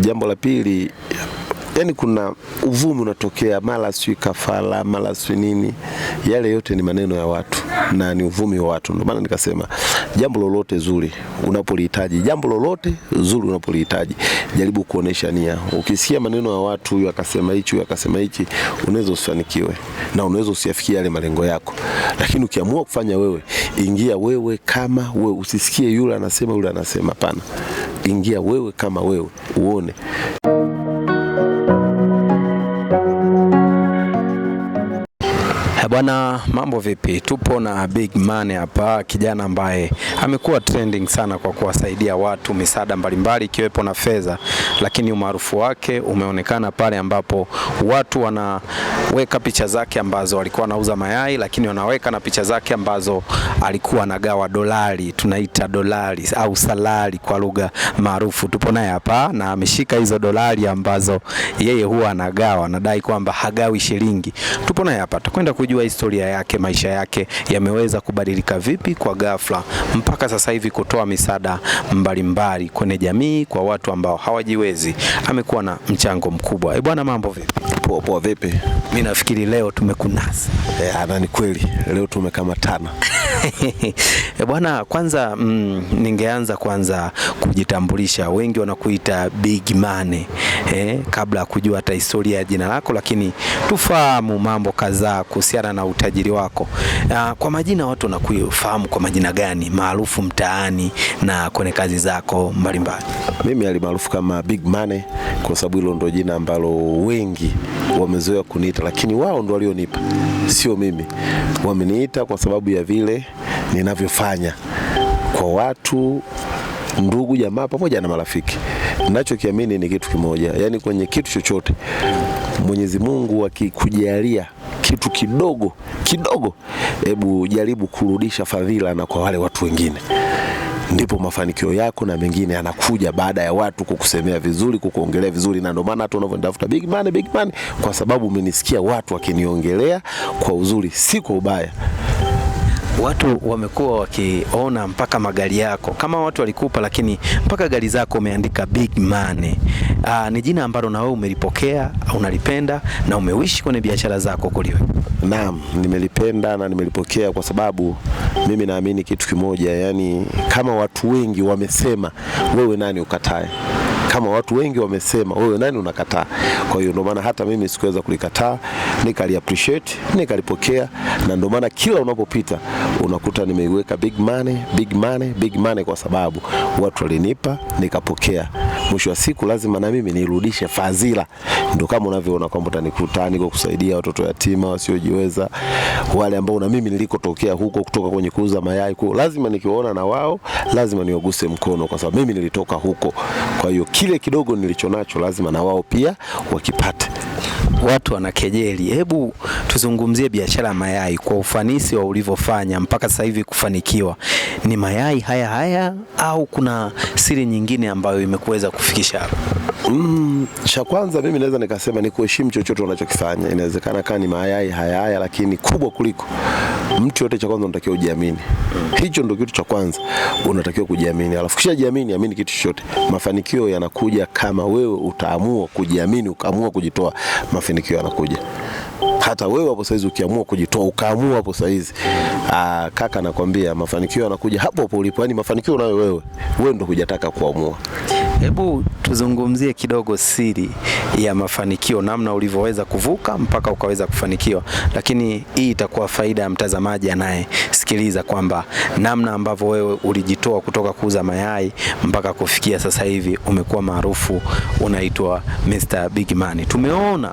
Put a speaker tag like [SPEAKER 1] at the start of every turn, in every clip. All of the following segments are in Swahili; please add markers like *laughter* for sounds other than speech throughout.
[SPEAKER 1] Jambo la pili, yani kuna uvumi unatokea mara si kafara mara si nini, yale yote ni maneno ya watu na ni uvumi wa watu. Ndio maana nikasema jambo lolote zuri unapolihitaji, jambo lolote zuri unapolihitaji, jaribu kuonesha nia. Ukisikia maneno ya watu, huyu akasema hichi, huyu akasema hichi, unaweza usifanikiwe na unaweza usiyafikie yale malengo yako, lakini ukiamua kufanya wewe, ingia wewe kama wewe, usisikie yule anasema yule anasema, hapana ingia wewe kama wewe uone.
[SPEAKER 2] Eh, bwana, mambo vipi? Tupo na Big Man hapa, kijana ambaye amekuwa trending sana kwa kuwasaidia watu misaada mbalimbali ikiwepo na fedha, lakini umaarufu wake umeonekana pale ambapo watu wana wanaweka picha zake ambazo alikuwa anauza mayai, lakini wanaweka na picha zake ambazo alikuwa anagawa dolari, tunaita dolari au salari kwa lugha maarufu. Tupo naye hapa na ameshika hizo dolari ambazo yeye huwa anagawa, anadai kwamba hagawi shilingi. Tupo naye hapa, tutakwenda kujua historia yake, maisha yake yameweza kubadilika vipi kwa ghafla mpaka sasa hivi kutoa misaada mbalimbali kwenye jamii kwa watu ambao hawajiwezi. Amekuwa na mchango mkubwa. E bwana, mambo vipi?
[SPEAKER 1] Poa poa, vipi?
[SPEAKER 2] Mimi nafikiri leo tumekunasa.
[SPEAKER 1] Eh, ni kweli leo tumekamatana *laughs*
[SPEAKER 2] *laughs* Bwana, kwanza mm, ningeanza kwanza kujitambulisha. Wengi wanakuita Big Man eh, kabla ya kujua hata historia ya jina lako, lakini tufahamu mambo kadhaa kuhusiana na utajiri wako. Na kwa majina watu wanakufahamu kwa majina gani maarufu mtaani na kwenye kazi zako mbalimbali?
[SPEAKER 1] Mimi alimaarufu kama Big Man kwa sababu hilo ndio jina ambalo wengi wamezoea kuniita, lakini wao ndo walionipa, sio mimi. Wameniita kwa sababu ya vile ninavyofanya kwa watu, ndugu, jamaa pamoja na marafiki. Ninachokiamini ni kitu kimoja, yaani kwenye kitu chochote Mwenyezi Mungu akikujalia kitu kidogo kidogo, hebu jaribu kurudisha fadhila na kwa wale watu wengine ndipo mafanikio yako na mengine yanakuja baada ya watu kukusemea vizuri, kukuongelea vizuri, na ndio maana hata unavyonitafuta big man, big man, kwa sababu umenisikia watu wakiniongelea kwa uzuri, si kwa ubaya
[SPEAKER 2] watu wamekuwa wakiona mpaka magari yako kama watu walikupa, lakini mpaka gari zako umeandika big money. Aa, ah, ni jina ambalo na wewe umelipokea unalipenda na umewishi kwenye biashara zako kuliwe.
[SPEAKER 1] Naam, nimelipenda na nimelipokea kwa sababu mimi naamini kitu kimoja, yani kama watu wengi wamesema, wewe nani ukatae? kama watu wengi wamesema, wewe nani unakataa? Kwa hiyo ndio maana hata mimi sikuweza kulikataa, nikali appreciate, nikalipokea, na ndio maana kila unapopita unakuta nimeiweka big money, big money, big money, kwa sababu watu walinipa nikapokea. Mwisho wa siku lazima na mimi nirudishe fadhila. Ndio kama unavyoona kwamba tanikutani kwa kusaidia watoto yatima wasiojiweza, wale ambao na mimi nilikotokea huko kutoka kwenye kuuza mayai, kwa lazima nikiwaona na wao lazima niwaguse mkono, kwa sababu mimi nilitoka huko. Kwa hiyo kile kidogo nilichonacho lazima na wao pia wakipate.
[SPEAKER 2] Watu wanakejeli. Hebu tuzungumzie biashara ya mayai kwa ufanisi wa ulivyofanya mpaka sasa hivi kufanikiwa. Ni mayai haya haya au kuna siri nyingine ambayo imekuweza kufikisha hapa?
[SPEAKER 1] Mm, cha kwanza mimi naweza nikasema ni kuheshimu chochote unachokifanya. Inawezekana kama ni mayai hayaya, lakini kubwa kuliko mtu yote, cha kwanza unatakiwa ujiamini. Hicho ndio kitu cha kwanza unatakiwa kujiamini, alafu kisha jiamini, amini kitu chochote. Mafanikio yanakuja kama wewe utaamua kujiamini, ukaamua kujitoa, mafanikio yanakuja hata wewe hapo saizi ukiamua kujitoa ukaamua hapo saizi, ah, kaka, nakwambia mafanikio yanakuja hapo hapo ulipo. Yani mafanikio nayo wewe, wewe ndio hujataka kuamua.
[SPEAKER 2] Hebu tuzungumzie kidogo siri ya mafanikio, namna ulivyoweza kuvuka mpaka ukaweza kufanikiwa, lakini hii itakuwa faida ya mtazamaji anayesikiliza kwamba namna ambavyo wewe ulijitoa kutoka kuuza mayai mpaka kufikia sasa hivi umekuwa maarufu unaitwa Mr. Big Man. Tumeona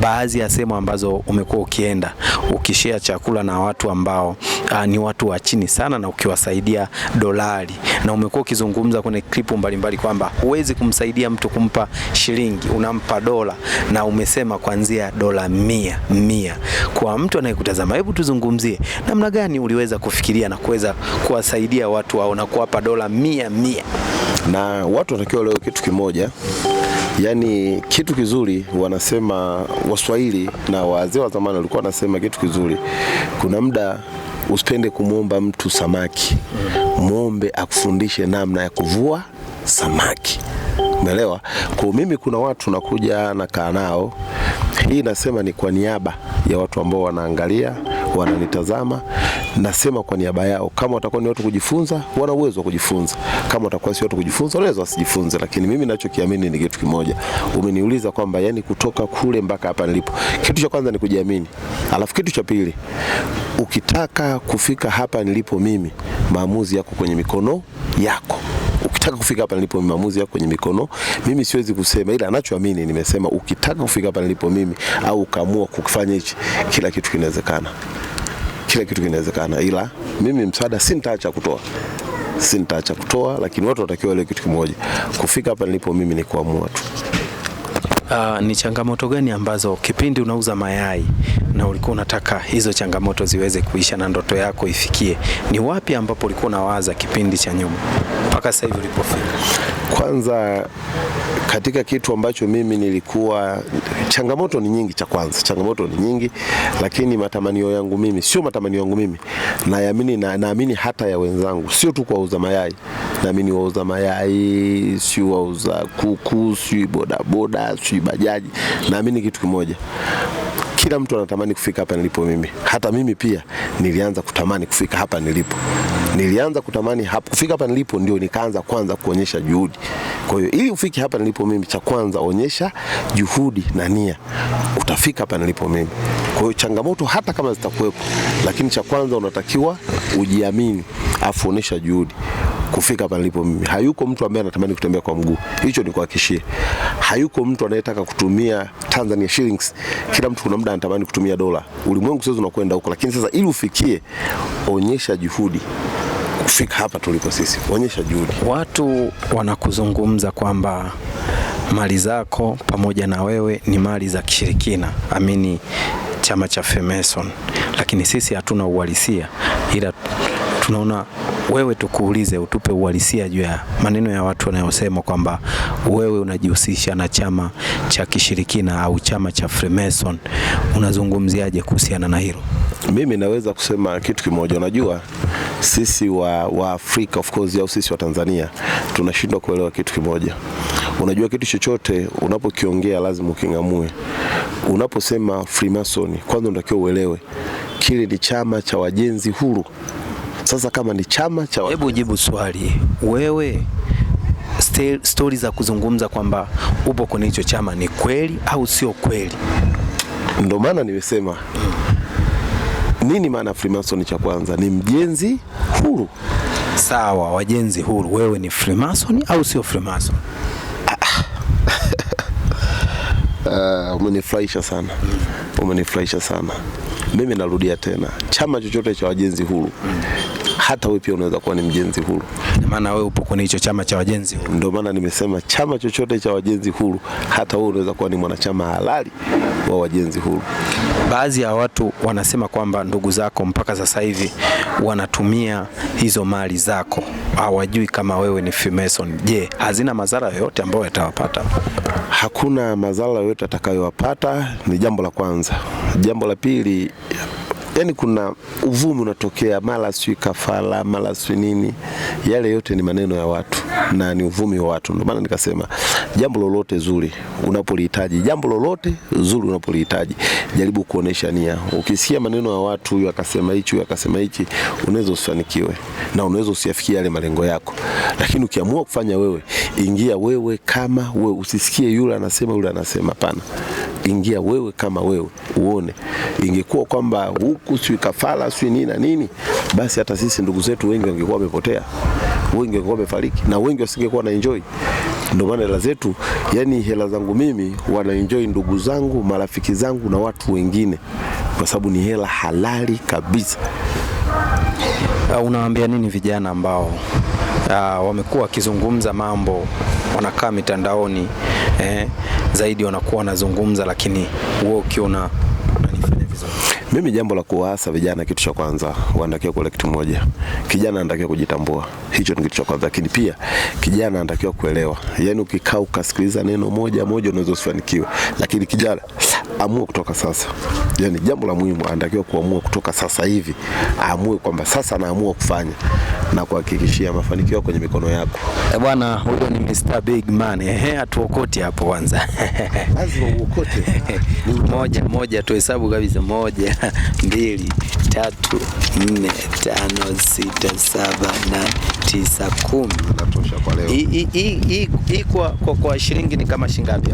[SPEAKER 2] baadhi ya sehemu ambazo umekuwa ukienda ukishea chakula na watu ambao uh, ni watu wa chini sana na ukiwasaidia dolari, na umekuwa ukizungumza kwenye klipu mbalimbali kwamba huwezi kumsaidia mtu kumpa shilingi, unampa dola, na umesema kuanzia dola mia mia. Kwa mtu anayekutazama, hebu tuzungumzie namna gani uliweza kufikiria na kuweza kuwasaidia watu hao na kuwapa dola mia mia,
[SPEAKER 1] na watu watakiwa leo kitu kimoja Yaani kitu kizuri wanasema Waswahili na wazee wa zamani walikuwa wanasema kitu kizuri, kuna muda usipende kumwomba mtu samaki, mwombe akufundishe namna ya kuvua samaki. Umeelewa? Kwa mimi kuna watu nakuja nakaa nao, hii nasema ni kwa niaba ya watu ambao wanaangalia wananitazama, nasema kwa niaba yao, kama watakuwa ni watu kujifunza, wana uwezo wa kujifunza. Kama watakuwa si watu kujifunza, wanaweza wasijifunze, lakini mimi ninachokiamini ni kitu kimoja. Umeniuliza kwamba yani kutoka kule mpaka hapa nilipo, kitu cha kwanza ni kujiamini, alafu kitu cha pili, ukitaka kufika hapa nilipo mimi, maamuzi yako kwenye mikono yako ukitaka kufika hapa nilipo mimi, maamuzi yako kwenye mikono. Mimi siwezi kusema, ila anachoamini nimesema, ukitaka kufika hapa nilipo mimi au ukaamua kukifanya hichi, kila kitu kinawezekana kila kitu kinawezekana, ila mimi msaada sintaacha kutoa sintaacha kutoa, lakini watu watakiwa ile kitu kimoja, kufika hapa nilipo mimi ni kuamua tu.
[SPEAKER 2] Uh, ni changamoto gani ambazo kipindi unauza mayai na ulikuwa unataka hizo changamoto ziweze kuisha na ndoto yako ifikie, ni wapi ambapo ulikuwa unawaza kipindi cha nyuma mpaka sasa hivi ulipofika?
[SPEAKER 1] Kwanza katika kitu ambacho mimi nilikuwa, changamoto ni nyingi, cha kwanza changamoto ni nyingi, lakini matamanio yangu mimi sio matamanio yangu mimi, naamini na, naamini hata ya wenzangu, sio tu kuwauza mayai, naamini wauza mayai, si wauza kuku, si bodaboda, si bajaji, naamini kitu kimoja kila mtu anatamani kufika hapa nilipo mimi. Hata mimi pia nilianza kutamani kufika hapa nilipo nilianza kutamani hapa kufika hapa nilipo, ndio nikaanza kwanza kuonyesha juhudi. Kwa hiyo ili ufike hapa nilipo mimi, cha kwanza onyesha juhudi na nia, utafika hapa nilipo mimi. Kwa hiyo changamoto hata kama zitakuwepo, lakini cha kwanza unatakiwa ujiamini, afu onyesha juhudi kufika hapa nilipo mimi. Hayuko mtu ambaye anatamani kutembea kwa mguu, hicho ni kuhakishie. Hayuko mtu anayetaka kutumia Tanzania shillings. Kila mtu kuna muda anatamani kutumia dola. Ulimwengu sasa unakwenda huko, lakini sasa ili ufikie, onyesha juhudi kufika hapa tuliko sisi, kuonyesha juhudi.
[SPEAKER 2] Watu wanakuzungumza kwamba mali zako pamoja na wewe ni mali za kishirikina, amini chama cha Freemason, lakini sisi hatuna uhalisia, ila tunaona wewe tukuulize, utupe uhalisia juu ya maneno ya watu wanayosema kwamba wewe unajihusisha na chama cha kishirikina au chama cha Freemason. Unazungumziaje kuhusiana na hilo?
[SPEAKER 1] Mimi naweza kusema kitu kimoja, unajua sisi wa, wa Afrika of course au sisi wa Tanzania tunashindwa kuelewa kitu kimoja. Unajua kitu chochote unapokiongea lazima uking'amue. Unaposema Freemason, kwanza unatakiwa uelewe kile ni chama cha wajenzi huru. Sasa kama ni chama cha wajenzi, hebu
[SPEAKER 2] jibu swali wewe stori za kuzungumza kwamba upo kwenye hicho chama ni kweli au sio kweli?
[SPEAKER 1] Ndio maana nimesema nini maana Freemason? Cha kwanza ni mjenzi huru.
[SPEAKER 2] Sawa, wajenzi huru. Wewe ni Freemason au sio Freemason?
[SPEAKER 1] Uh, *laughs* umenifurahisha sana, umenifurahisha sana. Mimi narudia tena, chama chochote cha wajenzi huru mm hata wewe pia unaweza kuwa ni mjenzi huru.
[SPEAKER 2] Maana wewe upo kwenye hicho chama cha wajenzi huru.
[SPEAKER 1] Ndio maana nimesema chama chochote cha wajenzi huru, hata wewe unaweza kuwa ni mwanachama halali wa wajenzi huru.
[SPEAKER 2] Baadhi ya watu wanasema kwamba ndugu zako mpaka sasa hivi wanatumia hizo mali zako, hawajui kama wewe ni Freemason. Je, hazina madhara yoyote ambayo yatawapata?
[SPEAKER 1] Hakuna madhara yoyote atakayowapata, ni jambo la kwanza. Jambo la pili yani kuna uvumi unatokea, mara si kafala mara si nini. Yale yote ni maneno ya watu na ni uvumi wa watu. Ndio maana nikasema jambo lolote zuri unapolihitaji, jambo lolote zuri unapolihitaji, jaribu kuonesha nia. Ukisikia maneno ya watu, huyu akasema hichi, huyu akasema hichi, unaweza usifanikiwe na unaweza usiyafikie yale malengo yako, lakini ukiamua kufanya wewe, ingia wewe kama wewe, usisikie yule anasema yule anasema, hapana ingia wewe kama wewe uone. Ingekuwa kwamba huku si kafara si nini na nini, basi hata sisi ndugu zetu wengi wangekuwa wamepotea, wengi wangekuwa wamefariki na wengi wasingekuwa na enjoy. Ndio maana hela zetu, yani hela zangu mimi enjoy ndugu zangu, marafiki zangu na watu wengine, kwa sababu ni hela halali kabisa.
[SPEAKER 2] Ah, unawaambia nini vijana ambao uh, wamekuwa wakizungumza mambo wanakaa mitandaoni eh, zaidi wanakuwa wanazungumza, lakini wewe ukiona
[SPEAKER 1] mimi jambo la kuwaasa vijana, kitu cha kwanza wanatakiwa kuelewa kitu moja, kijana anatakiwa kujitambua, hicho ni kitu cha kwanza. Lakini pia kijana anatakiwa kuelewa, yaani ukikaa ukasikiliza neno moja moja unaweza usifanikiwe, lakini kijana amue kutoka sasa. Yaani jambo la muhimu anatakiwa kuamua kutoka sasa hivi, aamue kwamba sasa anaamua kufanya na kuhakikishia mafanikio kwenye mikono yako.
[SPEAKER 2] Eh, bwana huyo ni Mr. Big Man. Ehe, hatuokoti hapo kwanza.
[SPEAKER 1] *laughs* Lazima uokote.
[SPEAKER 2] *laughs* Moja moja tuhesabu kabisa, moja, *laughs* mbili, tatu, nne, tano, sita, saba, nane, tisa, kumi. Inatosha kwa leo. Hii kwa, kwa, kwa shilingi ni kama shilingi ngapi?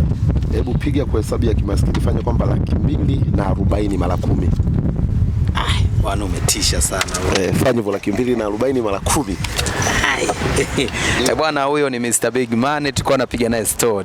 [SPEAKER 1] Hebu piga kwa hesabu ya kimaskini, fanya kwamba laki mbili na arobaini mara kumi.
[SPEAKER 2] Bwana umetisha sana
[SPEAKER 1] Eh, fanya hivyo laki mbili na arobaini mara kumi.
[SPEAKER 2] *laughs* Eh, bwana huyo ni Mr Big Man, tulikuwa napiga naye story.